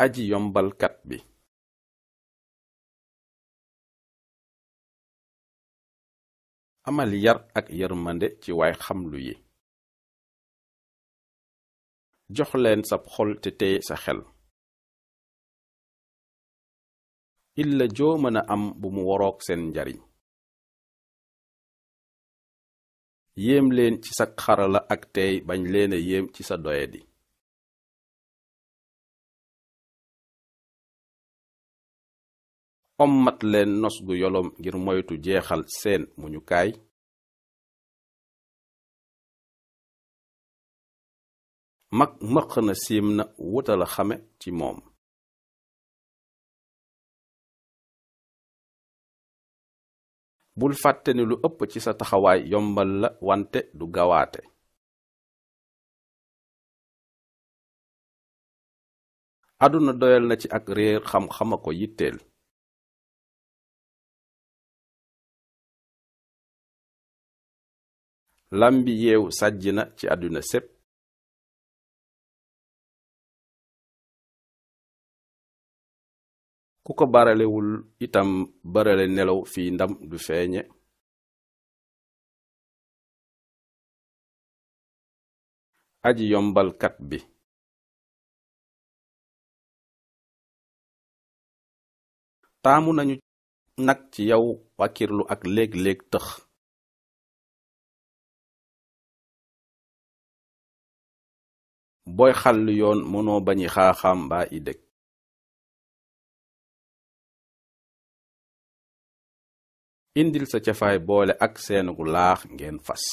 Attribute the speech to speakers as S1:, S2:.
S1: aji yombalkat bi amal yar ak yërmande ci waay xamlu yi jox leen sab xol te tey sa xel illa joo mën a am bu mu worook seen njariñ yéem leen ci sa xarala ak tey bañ leena a yéem ci sa doyadi ommat leen nos gu yolom ngir moytu jeexal seen muñukaay mag mëq na siim na wutal a xame ci moom bul fàtte ni lu ëpp ci sa taxawaay yombal la wante du gawaate àdduna doyal na ci ak réer xam-xama ko yitteel lambi yeew sàjj na ci àdduna sépp ku ko baralewul itam barale nelaw fi ndam du feeñe aji yombalkat bi taamu nañu nag ci yow wàkkirlu ak léeg-léeg tëx booy xàll yoon mënoo bañi xaaxaam mbaa i dëkk indil sa cafaay boole ak seenugu laax ngeen fas